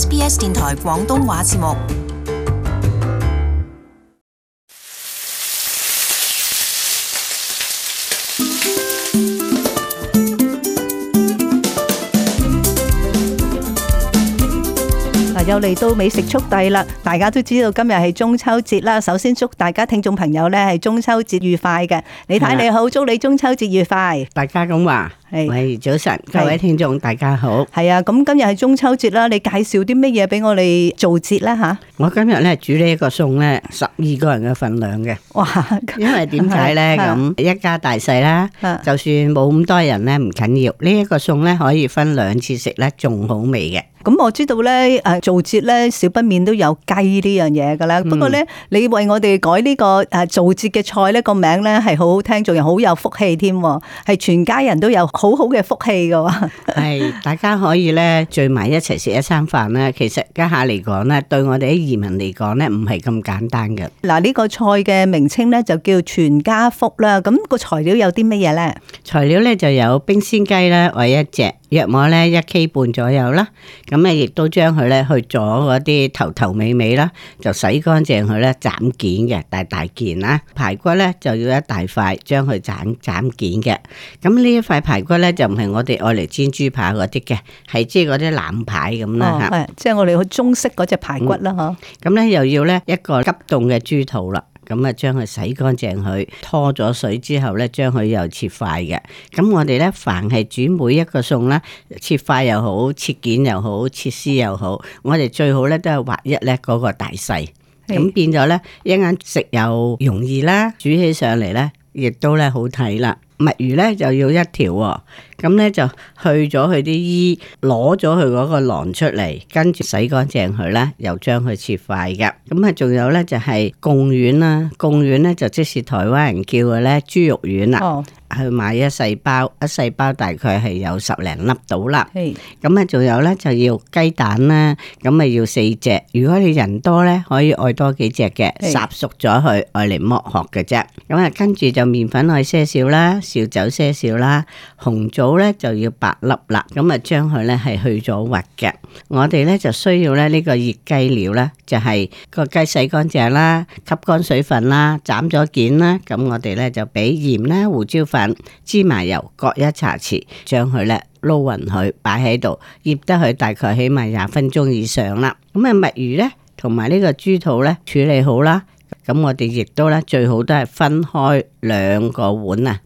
SBS 電台廣東話節目。又嚟到美食速遞啦！大家都知道今日係中秋節啦。首先祝大家聽眾朋友呢係中秋節愉快嘅。李太你好，祝你中秋節愉快。大家咁話係早晨，各位聽眾大家好。係啊，咁今日係中秋節啦。你介紹啲乜嘢俾我哋做節呢吓？我今日呢煮呢一個餸呢，十二個人嘅份量嘅。哇！因為點解呢咁一家大細啦？就算冇咁多人呢唔緊要。呢一個餸呢可以分兩次食呢，仲好味嘅。咁、嗯、我知道咧，誒，做節咧，少不免都有雞呢樣嘢噶啦。不過咧，你為我哋改呢個誒做節嘅菜呢個名咧，係好好聽，仲有好有福氣添，係全家人都有好好嘅福氣噶。係是 大家可以咧聚埋一齊食一餐飯啦。其實家下嚟講咧，對我哋啲移民嚟講咧，唔係咁簡單噶。嗱，呢個菜嘅名稱咧就叫全家福啦。咁、個材料有啲乜嘢咧？材料咧就有冰鮮雞啦，我一隻。約莫咧一 K 半左右啦，咁啊亦都將佢咧去咗嗰啲頭頭尾尾啦，就洗乾淨佢咧斬件嘅大大件啦，排骨咧就要一大塊將佢斬斬件嘅，咁呢一塊排骨咧就唔係我哋愛嚟煎豬扒嗰啲嘅，係即係嗰啲腩排咁啦吓，即係我哋好中式嗰隻排骨啦嗬，咁咧、嗯、又要咧一個急凍嘅豬肚啦。咁啊，將佢洗乾淨佢，拖咗水之後咧，將佢又切塊嘅。咁我哋咧，凡係煮每一個餸咧，切塊又好，切件又好，切絲又好，我哋最好咧都係劃一咧嗰個大細。咁是變咗咧，一眼食又容易啦，煮起上嚟咧亦都咧好睇啦。墨魚咧就要一條。咁咧就去咗佢啲衣，攞咗佢嗰個囊出嚟，跟住洗乾淨佢咧，又將佢切塊嘅。咁啊，仲有咧就係貢丸啦，貢丸咧就即是台灣人叫嘅咧豬肉丸啊。哦。去買一細包，一細包大概係有十零粒到啦。係。咁啊，仲有咧就要雞蛋啦，咁啊要四隻。如果你人多咧，可以愛多幾隻嘅，烚熟咗去愛嚟剝殼嘅啫。咁啊，跟住就麵粉愛些少啦，少酒些少啦，紅糟。好咧，就要白粒啦。咁啊，將佢咧係去咗核嘅。我哋咧就需要咧呢個醃雞料咧，就係個雞洗乾淨啦，吸乾水分啦，斬咗件啦。咁我哋咧就俾鹽啦、胡椒粉、芝麻油各一茶匙將佢咧，撈匀佢，擺喺度醃得佢大概起碼廿分鐘以上啦。咁啊，墨魚咧同埋呢個豬肚咧處理好啦。咁我哋亦都咧最好都係分開兩個碗啊。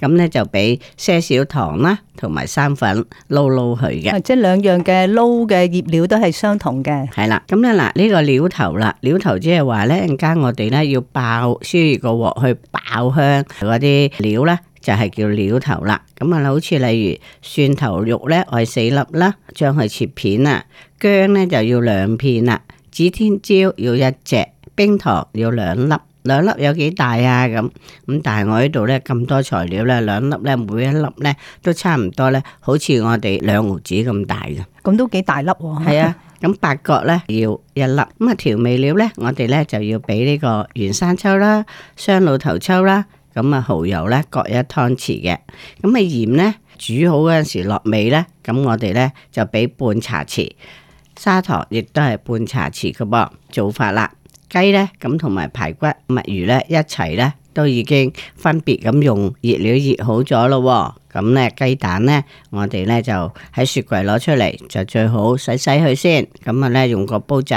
咁咧就俾些少糖啦，同埋生粉撈撈佢嘅。即係兩樣嘅撈嘅醃料都係相同嘅。係啦，咁咧嗱呢個料頭啦，料頭即係話咧，一陣間我哋咧要爆，需要個鑊去爆香嗰啲料咧，就係、是、叫料頭啦。咁、嗯、啊，好似例如蒜頭肉呢，我要四粒啦，將佢切片啊，薑咧就要兩片啦，指天椒要一隻，冰糖要兩粒。兩粒有幾大啊？咁咁，但係我呢度呢，咁多材料呢，兩粒呢，每一粒呢，都差唔多呢，好似我哋兩毫子咁大嘅。咁都幾大粒喎。係啊，咁、啊、八角呢，要一粒。咁啊，調味料呢，我哋呢，就要俾呢個原生抽啦、雙老頭抽啦。咁啊，蚝油呢，各一湯匙嘅。咁啊，鹽呢，煮好嗰陣時落味呢，咁我哋呢，就俾半茶匙砂糖，亦都係半茶匙嘅噃。做法啦。雞咧，咁同排骨、墨魚呢一齊咧。都已經分別咁用熱料熱好咗咯，咁咧雞蛋咧，我哋咧就喺雪櫃攞出嚟，就最好洗洗佢先。咁啊咧用個煲仔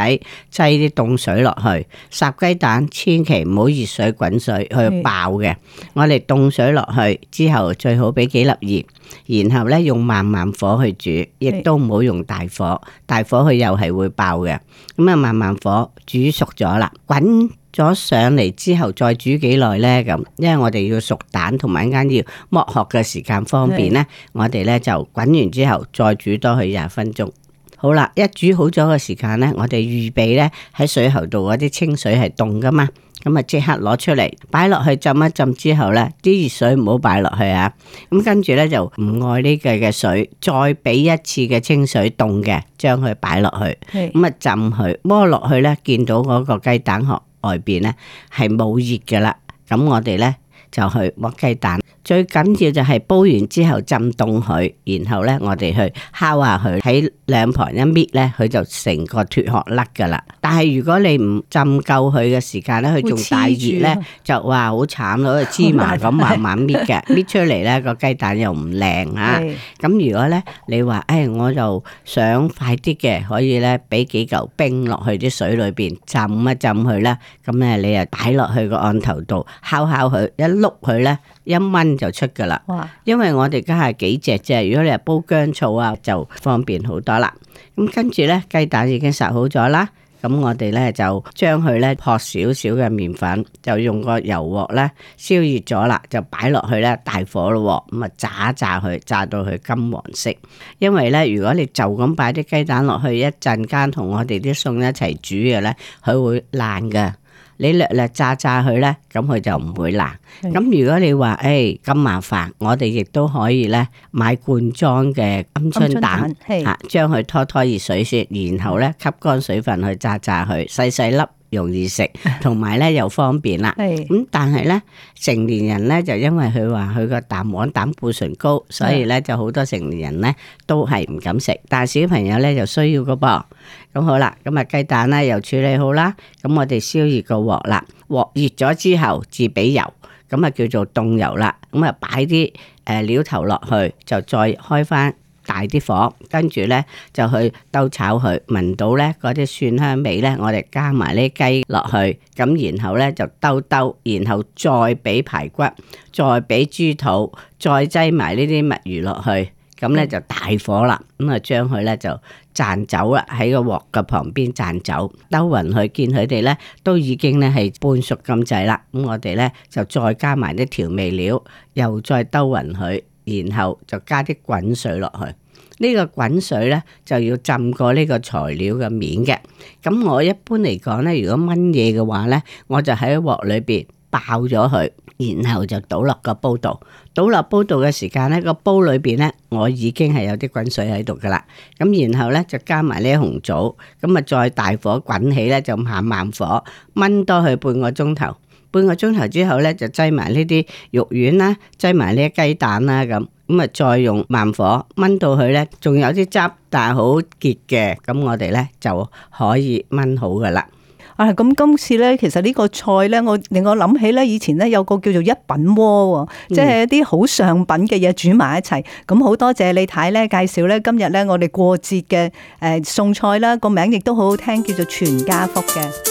擠啲凍水落去，烚雞蛋千祈唔好熱水滾水，佢爆嘅。是我哋凍水落去之後，最好俾幾粒鹽，然後咧用慢慢火去煮，亦都唔好用大火，是大火佢又係會爆嘅。咁啊慢慢火煮熟咗啦，滾。咗上嚟之後，再煮幾耐呢？咁，因為我哋要熟蛋同埋一間要剝殼嘅時間方便呢。是我哋呢就滾完之後再煮多佢廿分鐘。好啦，一煮好咗嘅時間呢，我哋預備呢喺水喉度嗰啲清水係凍㗎嘛，咁啊即刻攞出嚟擺落去浸一浸之後呢，啲熱水唔好擺落去啊。咁跟住呢，就唔愛呢個嘅水，再俾一次嘅清水凍嘅，將佢擺落去咁啊是浸佢剝落去呢，見到嗰個雞蛋殼。外邊呢，係冇熱嘅啦，咁我哋呢。就去剝雞蛋，最緊要就係煲完之後浸凍佢，然後咧我哋去敲下佢，喺兩旁一搣咧，佢就成個脫殼甩噶啦。但係如果你唔浸夠佢嘅時間咧，佢仲大熱咧，就話好慘咯，芝麻咁慢慢搣嘅，搣出嚟咧個雞蛋又唔靚啊。咁如果咧你話誒，我就想快啲嘅，可以咧俾幾嚿冰落去啲水裏邊浸一浸佢啦。咁咧你又擺落去個案頭度敲敲佢一碌佢咧一蚊就出噶啦，哇因為我哋家下幾隻啫。如果你係煲薑醋啊，就方便好多啦。咁跟住咧，雞蛋已經殺好咗啦。咁我哋咧就將佢咧撲少少嘅麵粉，就用個油鑊咧燒熱咗啦，就擺落去咧大火咯。咁啊炸一炸佢，炸到佢金黃色。因為咧，如果你就咁擺啲雞蛋落去，一陣間同我哋啲餸一齊煮嘅咧，佢會爛㗎。你略略炸炸佢咧，咁佢就唔會爛。咁是如果你話誒咁麻煩，我哋亦都可以咧買罐裝嘅鵪鶉蛋，吓將佢拖拖熱水先，然後咧吸乾水分去炸炸佢，細細粒。容易食，同埋咧又方便啦。咁是但係咧成年人咧就因為佢話佢個蛋黃膽固醇高，所以咧就好多成年人咧都係唔敢食。但係小朋友咧就需要噶噃。咁好啦，咁啊雞蛋咧又處理好啦。咁我哋燒熱個鑊啦，鑊熱咗之後至俾油，咁啊叫做凍油啦。咁啊擺啲誒料頭落去，就再開翻。大啲火，跟住呢就去兜炒佢，聞到呢嗰啲蒜香味呢，我哋加埋啲雞落去，咁然後呢就兜兜，然後再俾排骨，再俾豬肚，再擠埋呢啲墨魚落去，咁呢就大火啦。咁啊將佢呢就攢走啦，喺個鑊嘅旁邊攢走，兜勻佢，見佢哋呢都已經呢係半熟咁滯啦。咁、嗯、我哋呢就再加埋啲調味料，又再兜勻佢。然後就加啲滾水落去，呢個滾水咧就要浸過呢個材料嘅面嘅。咁我一般嚟講咧，如果炆嘢嘅話咧，我就喺鑊裏邊爆咗佢，然後就倒落個煲度。倒落煲度嘅時間咧，個煲裏邊咧我已經係有啲滾水喺度噶啦。咁然後咧就加埋呢紅棗，咁啊再大火滾起咧就慢慢火炆多佢半個鐘頭。半個鐘頭之後咧，就擠埋呢啲肉丸啦，擠埋呢啲雞蛋啦，咁咁啊，再用慢火炆到佢咧，仲有啲汁，但係好結嘅，咁我哋咧就可以炆好噶啦。啊，咁今次咧，其實呢個菜咧，我令我諗起咧，以前咧有個叫做一品鍋，即係一啲好上品嘅嘢，煮埋一齊。咁好多謝李太咧介紹咧，今日咧我哋過節嘅誒餸菜啦，個名亦都好好聽，叫做全家福嘅。